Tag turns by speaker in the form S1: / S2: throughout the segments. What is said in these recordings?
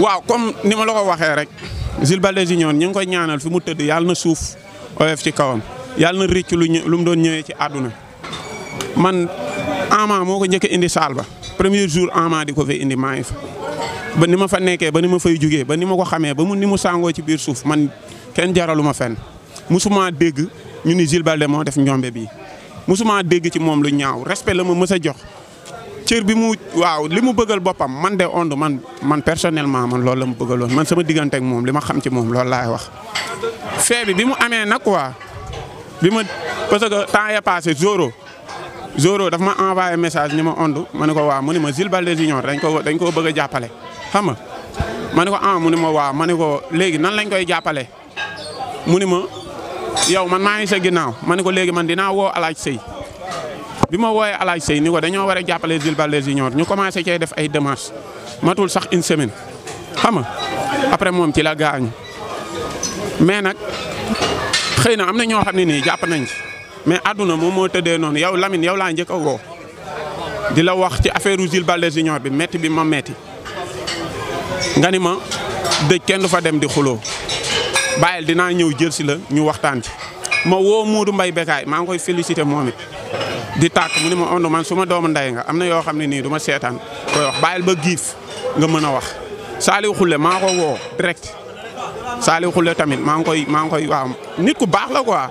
S1: waaw comme ni ma la ko waxee rek Jules Baldé Junior ñu ngi koy ñaanal fi mu tëdd yàlla na suuf oyof ci kawam yàlla na ricc lu lu mu doon ñëwee ci àdduna man Ama moo ko njëkk indi saal ba premier jour Ama di ko fay indi maa ngi fa ba ni ma fa nekkee ba ni ma fay jugee ba ni ma ko xamee ba mu ni mu sàngoo ci biir suuf man kenn jaralu ma fenn musuma dégg ñu ni Jules moo def ñoombe bii musuma dégg ci moom lu ñaaw respect la ma mës a jox cër bi mu waaw li mu bëggal boppam man de Onde man man personnellement man loolu la mu bëggaloon man sama diggante ak moom li ma xam ci moom loolu laay wax. fee bi bi mu amee nag waa bi ma parce que temps est passé zoro zoro daf ma envoyé message ñu ma Onde ma ne ko waaw mu ne ma Jules Baldé Junior dañ ko dañ koo bëgg a jàppale xam nga ma ne ko ah mu ne ma waaw ma ne ko léegi nan lañ koy jàppale mu ni ma yow man maa ngi sa ginnaaw ma ne ko léegi man dinaa woo alaaj sëy bi ma wooyee alaaj sëy ni ko dañoo war a jàppale Jules Baldé ñu commencé cay def ay démarches matul sax une semaine xam nga après moom ci la gaañu mais nag xëy na am na ñoo xam ne nii jàpp nañ ci mais àdduna moom moo tëddee noonu yow Lamine yow laa njëkk a woo di la wax ci affaire Jules Baldé Junior bi metti bi ma metti nga ni ma dëj kenn du fa dem di xuloo bàyyil dinaa ñëw jël si la ñu waxtaan ci ma woo Modou Mbaye Bekaay maa ngi koy félicité moom it di tàkk mu ni ma Ondu man su doomu ndey nga am na yoo xam ne nii du seetaan koy wax bàyyil ba giif nga mën a wax Saliou Khoule maa ko woo direct Saliou Khoule tamit maa ngi koy maa ngi koy waaw nit ku baax la quoi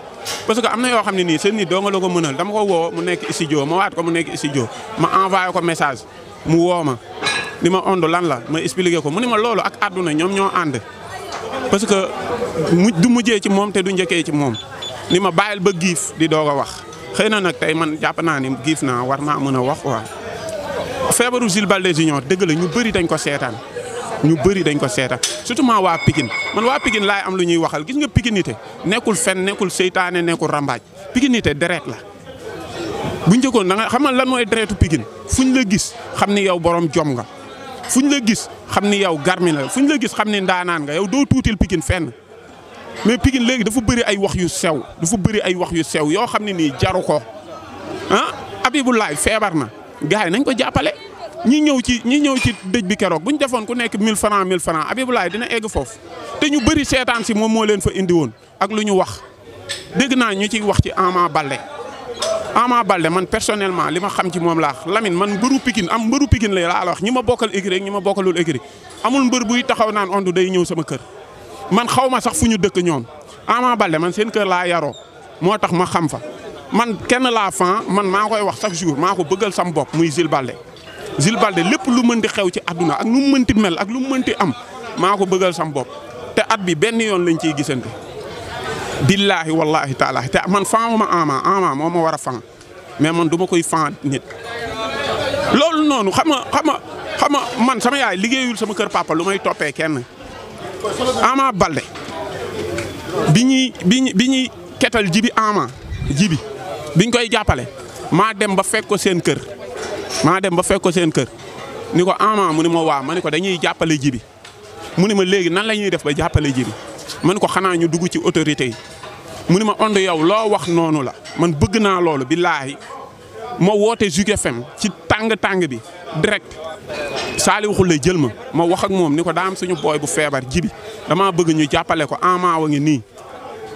S1: parce que am na yoo xam ne nii seen ni doo nga la ko mënal dama ko woo mu nekk studio ma waat ko mu nekk studio ma envoyé ko message mu woo ma ni ma Ondu lan la ma expliqué ko mu ni ma loolu ak àdduna ñoom ñoo ànd parce que mu du mujjee ci moom te du njëkkee ci moom ni ma bàyyil ba giif di doog a wax. xëy na nag tey man jàpp naa ne giif naa war naa mën a wax waa feebaru Jules Baldé Junior dëgg la ñu bëri dañ ko seetaan ñu bëri dañ ko seetaan surtout ment waa Pikine man waa Pikine laay am lu ñuy waxal gis nga pikinité nekkul fen nekkul seytaane nekkul rambaaj pikinité deret la bu njëkkoon da nga xamal lan mooy deretu pikin fuñ la gis xam ni yow borom jom nga fuñ la gis xam ni yow garmi la fuñ la gis xam ni ndaanaan nga yow doo tuutil Pikine fenn mais Pikine léegi dafa bëri ay wax yu sew dafa bëri ay wax yu sew yoo xam ne nii jaru ko ah Abibulaay feebar na gars yi nañ ko jàppale. ñi ñëw ci ñi ñëw ci dëj bi keroog bu ñu defoon ku nekk 1000 francs 1000 francs Abibulaay dina egg foofu te ñu bëri seetaan si moom moo leen fa indi woon ak lu ñu wax dëgg naa ñu ciy wax ci Ama Baldé Ama Baldé man personnellement li ma xam ci moom laax Lamine man mbëru Pikine am mbëru Pikine le laa la ñi ma bokkal écurie ñi ma bokkalul écurie amul mbër buy taxaw naan Onde day ñëw sama kër. man xaw ma sax fu ñu dëkk ñoom Ama Baldé man seen kër laa yaroo moo tax ma xam fa man kenn laa fan man maa koy wax chaque jour maa ko bëggal sam bopp muy Jules Baldé Jules Baldé lépp lu mën di xew ci àdduna ak lu mënti mel ak lu mu mënti am maa ko bëggal sam bopp te at bi benn yoon lañ ciy gisante. billaahi wallaahi taalaa te man fan ma Ama Ama moo ma war a fan mais man du ma koy fan nit loolu noonu xam nga xam nga man sama yaay liggéeyul sama kër papa lu may toppee kenn. Ama Balde bi ñuy bi ñuy ñuy ketal jibi Ama jibi biñ koy jàppale maa dem ba fekk ko seen kër maa dem ba fekk seen kër ni ko Ama mu ni ma waa ma ne ko dañuy jàppale jibi mu ni ma léegi nan la ñuy def ba jàppale jibi ma ne ko xanaa ñu dugg ci autorité yi mu ni ma ond yow loo wax noonu la man bëgg naa loolu billaahi ma woote ju FM ci tàng tàng bi direct Saliou Khoulé jël ma ma wax ak moom ni ko daa am suñu booy bu feebar jibi damaa bëgg ñu jàppale ko Ama wa ngi nii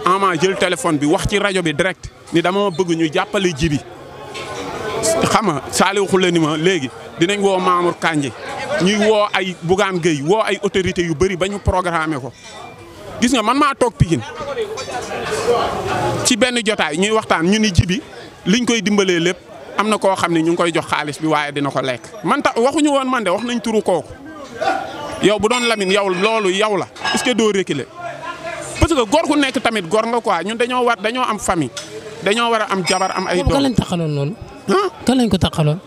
S1: Ama jël téléphone bi wax ci rajo bi direct ni dama bëgg ñu jàppale jibi xam nga Saliou Khoulé ni ma léegi dinañ woo Mamour Kandji ñuy woo ay Bougane Gueye woo ay autorités yu bëri ba ñu programmé ko gis nga man maa toog Pikine ci benn jotaay ñuy waxtaan ñu ni jibi liñ koy dimbalee lépp. am na koo xam ne ñu ngi koy jox xaalis bi waaye dina ko lekk manta waxuñu woon man de wax nañ turu kooku yow bu doon Lamine yow loolu yow la est-ce que doo reculer parce que góor ku nekk tamit gor nga quoi ñun dañoo war dañoo am famille dañoo war a am jabar am ay doom. kan lañ taxaloon loolu. kan lañ ko taxaloon.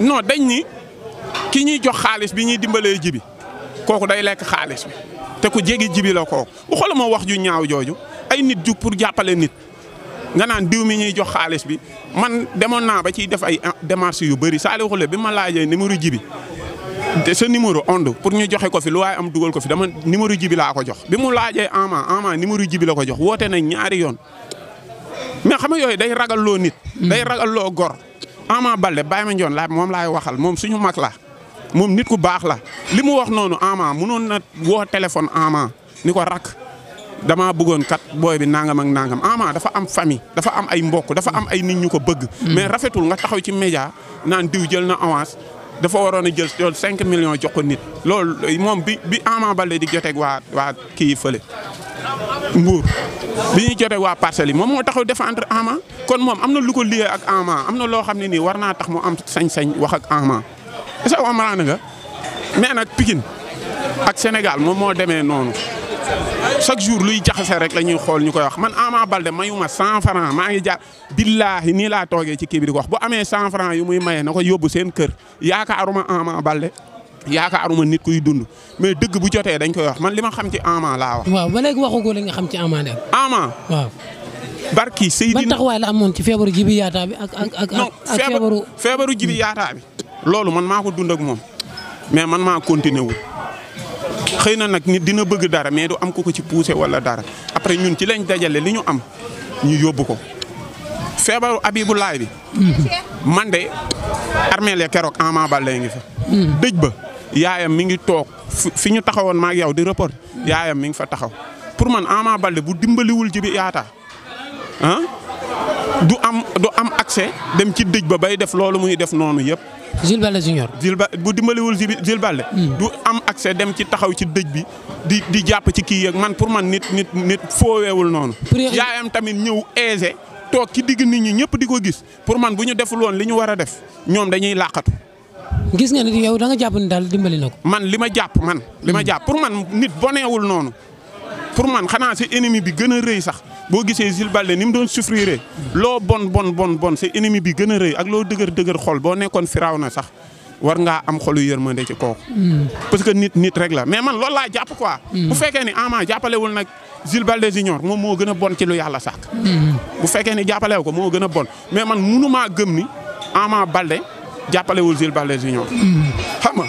S1: non dañ ni ki ñuy jox xaalis bi ñuy dimbalee jibi kooku day lekk xaalis te ku jéggi jibi la kooku xoolal ma wax ju ñaaw jooju ay nit jug pour jàppale nit. nga naan diw mi ñuy jox xaalis bi man demoon naa ba ciy def ay démarches yu bëri Saliou Khoulé bi ma laajee numéro ji bi te sa numéro Onde pour ñu joxe ko fi lu waaye am dugal ko fi dama numéro ji bi laa ko jox bi mu laajee Ama Ama numéro ji bi la ko jox woote nañ ñaari yoon mais xam nga yooyu day ragal loo nit. day ragal loo gor. bale Balde Baye Mandione laa moom laay waxal moom suñu mag la moom nit ku baax la li mu wax noonu Ama mënoon na woo téléphone Ama ni ko rakk. damaa bëggoon kat booy bi nangam ak nangam ama dafa am famille dafa am ay mbok dafa am ay nit ñu ko bëgg. Mm. mais rafetul nga taxaw ci média naan diw jël na avance dafa waroon a jël loolu 5 millions jox ko nit. loolu moom bi bi Ama Baldé di joteeg waa waa kii fële Mbour bi ñuy joteeg waa parcelle yi moom moo taxaw défendre Ama kon moom am na lu ko lié ak Ama am na loo xam ne nii war naa tax mu am sañ-sañ wax ak Ama est-ce que nga mais nag Pikine ak Sénégal moom moo demee noonu. chaque jour luy jaxase rek la ñuy xool ñu ko wax man bal Balde mayuma 100 francs maa ngi jaar billahi nii laa toogee ci kii bi di ko wax bu amee 100 francs yu muy maye na ko yóbbu seen kër yaakaaruma Ama Balde yaakaaruma nit kuy dund mais dëgg bu jotee dañ koy wax man li ma xam ci Ama laa wax. waaw ba léegi waxagoo li nga xam ci Ama de. Ama waaw. barki Seydina ban taxawaay la amoon ci feebaru jibi yaataa bi ak ak ak. feebaru feebaru yaataa bi. loolu man maa ko dund ak moom mais man maa continué wu. xëy na nag nit dina bëgg dara mais du am ku ko ci poussé wala dara après ñun ci lañ dajale li ñu am ñu yóbbu ko. feebaru Abibu Laay bi. man de armée le keroog Ama Baldé ngi fa. Mm. dëj ba yaayam mi ngi toog fi ñu taxawoon maak yow di report yaayam mi ngi fa taxaw pour man Ama Baldé bu dimbaliwul ci bi yaata ah. du am du am accès dem ci dëj ba bay def loolu muy def noonu yëpp. Jules Baldé Junior. Jules Baldé bu dimbaliwul Jules Baldé. Hmm. du am accès dem ci taxaw ci dëj bi di di jàpp ci kii yeeg man pour man nit nit nit fooweewul noonu. yaayam tamit ñëw aisé toog ci digg nit ñi ñëpp di ko gis pour man bu ñu deful woon li ñu war a def ñoom dañuy làqatu. ngis nga ni yow da nga jàpp ni daal dimbali na ko. man li ma jàpp man. li ma hmm. jàpp pour man nit boneewul noonu pour man xanaa si ennemi bi gën a rëy sax. boo gisee Jules Baldé ni mu doon souffrir loo bon bon bon bon sa ennemi bi gën a rëy ak loo dëgër dëgër xol boo nekkoon firaaw na sax war ngaa am xolu yërmande ci kooku. Hmm. parce que nit nit rek la mais man loolu laa jàpp quoi. Hmm. bu fekkee ni Ama jàppalewul nag Jules Baldé Junior moom moo gën a bon ci lu yàlla sàkk. Hmm. bu fekkee ni jàppalewu ko moo gën a bon mais man munu maa gëm ni Ama Baldé jàppalewul Jules Baldé Junior. xam nga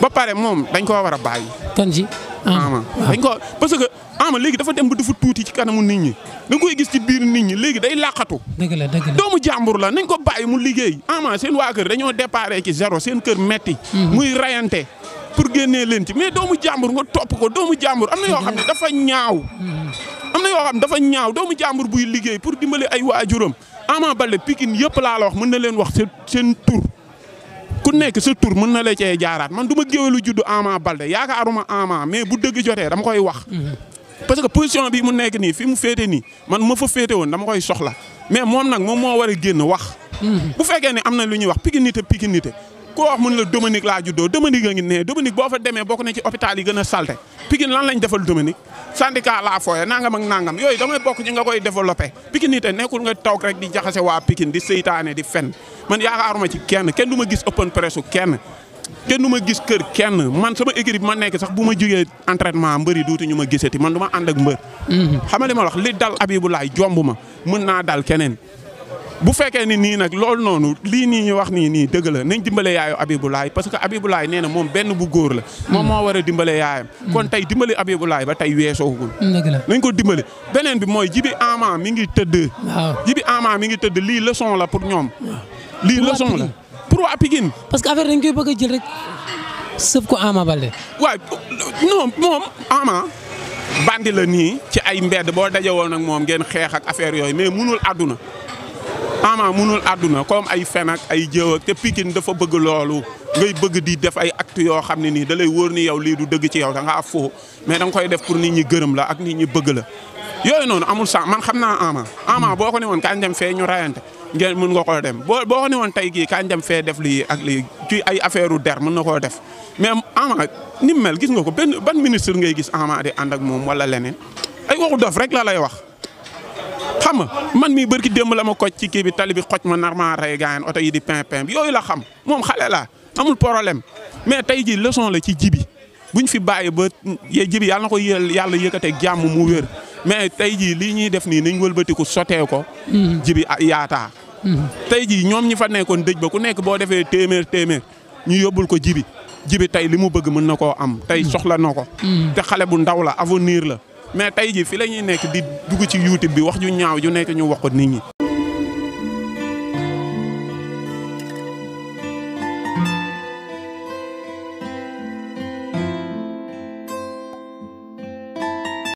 S1: ba pare moom dañ koo war a bàyyi. kan ji ah. Ama xam nga léegi dafa dem ba fu tuuti ci kanamu nit ñi da nga koy gis ci biir nit ñi léegi day làqatu dëgg la dëgg la doomu jàmbur la nañ ko bàyyi mu liggéey ama seen waa kër dañoo déparé ci zéro seen kër metti mhm. muy rayante pour génnee leen ci mais doomu jàmbur nga topp ko doomu jàmbur am na yoo xam ne mhm. dafa ñaaw mhm. am na yoo xam ne dafa ñaaw doomu jàmbur buy liggéey pour dimbali ay waajuram Ama Baldé pikin yëpp laa la wax mën na leen wax seen seen tur kun nekk sa tur mën na la cee jaaraat man du ma géwélu juddu Ama Baldé yaakaaruma Ama mais bu dëgg jotee dama koy wax parce que position bi mu nekk nii fi mu féete nii man ma fa féete woon dama koy soxla mais moom nag moom moo war a génn wax. bu fekkee ne am na lu ñuy wax pikinité pikinité ku wax mun la Dominique laa juddoo Dominique a ngi nee Dominique boo fa demee bokk na ci hôpital yi gën a salte Pikine lan lañ defal Dominique syndicat laa fooye nangam ak nangam yooyu damay bokk ñi nga koy développé pikinité nekkul nga toog rek di jaxase waa Pikine di seytaane di fen man yaakaaruma kenn kenn du ma gis open presse kenn. kenn du ma gis kër kenn man sama équipe ma nekk sax bu ma jógee entraînement mbër yi duuti ma gisati man du ma ànd ak mbër. Mhm. xam nga li ma wax li dal Abibulaay jomb jombuma mën naa dal keneen. bu fekkee ni nii nag loolu noonu lii nii ñu wax nii nii dëgg nañ dimbale yaayu Abibulaay parce que Abibulaay nee na moom benn bu góor la. Mhm. moom moo war a dimbale yaayam. Mhm. kon tey dimbale Abibulaay ba tey weesoogul. dëgg nañ ko dimbale. beneen bi mooy jibi ama mi ngi tëdd. waaw jibi mi ngi tëdd lii leçon la pour ñoom. lii leçon la. pour waa Pikine. parce que affaire dañ koy bëgg a jël rek sëf ko Ama Baldé. waaw non moom Ama bandi la nii ci ay mbedd boo dajewoon ak moom ngeen xeex ak affaire yooyu mais munul àdduna Ama munul àdduna kom ay fen ak ay jëw ak te Pikine dafa bëgg loolu ngay bëgg di def ay actes yoo xam ne nii dalay lay wóor ni yow lii du dëgg ci yow da ngaa foo mais da nga koy def pour nit ñi gërëm la ak nit ñi bëgg la yooyu noonu amul sax man xam naa Ama Ama boo ko ne woon kañ dem fee ñu rayante ngeen mën nga ko dem boo boo ko ne woon tey gii kañ dem fee def lii ak lii ci ay affaire u der mën na koo def mais Ama ni mu mel gis nga ko benn ban ministre ngay gis Ama di ànd moom wala leneen ay waxu dof rek la lay wax. xam nga man mi bërki démb la ma koj ci kii bi tali bi xoj ma nar maa rey gaañan oto yi di pin yooyu la xam moom xale la amul poroblème mais tey jii leson la ci jibi buñ fi bàyyi ba jibi yàlla na ko yàlla yëkkatee jàmm mu wér. mais tey jii lii ñuy def nii niñ wëlbatiku sotee ko. Hmm. jibi yaata hmm. tey jii ñoom ñi fa nekkoon dëj ba ku nekk boo defee téeméer téeméer ñu yóbbul ko jibi jibi tey li mu bëgg mën na koo am tey hmm. soxla na ko. te xale bu ndaw la avenir la mais tey jii fi la ñuy nekk di dugg ci YouTube bi wax ju ñaaw ju nekk ñu wax ko nit ñi.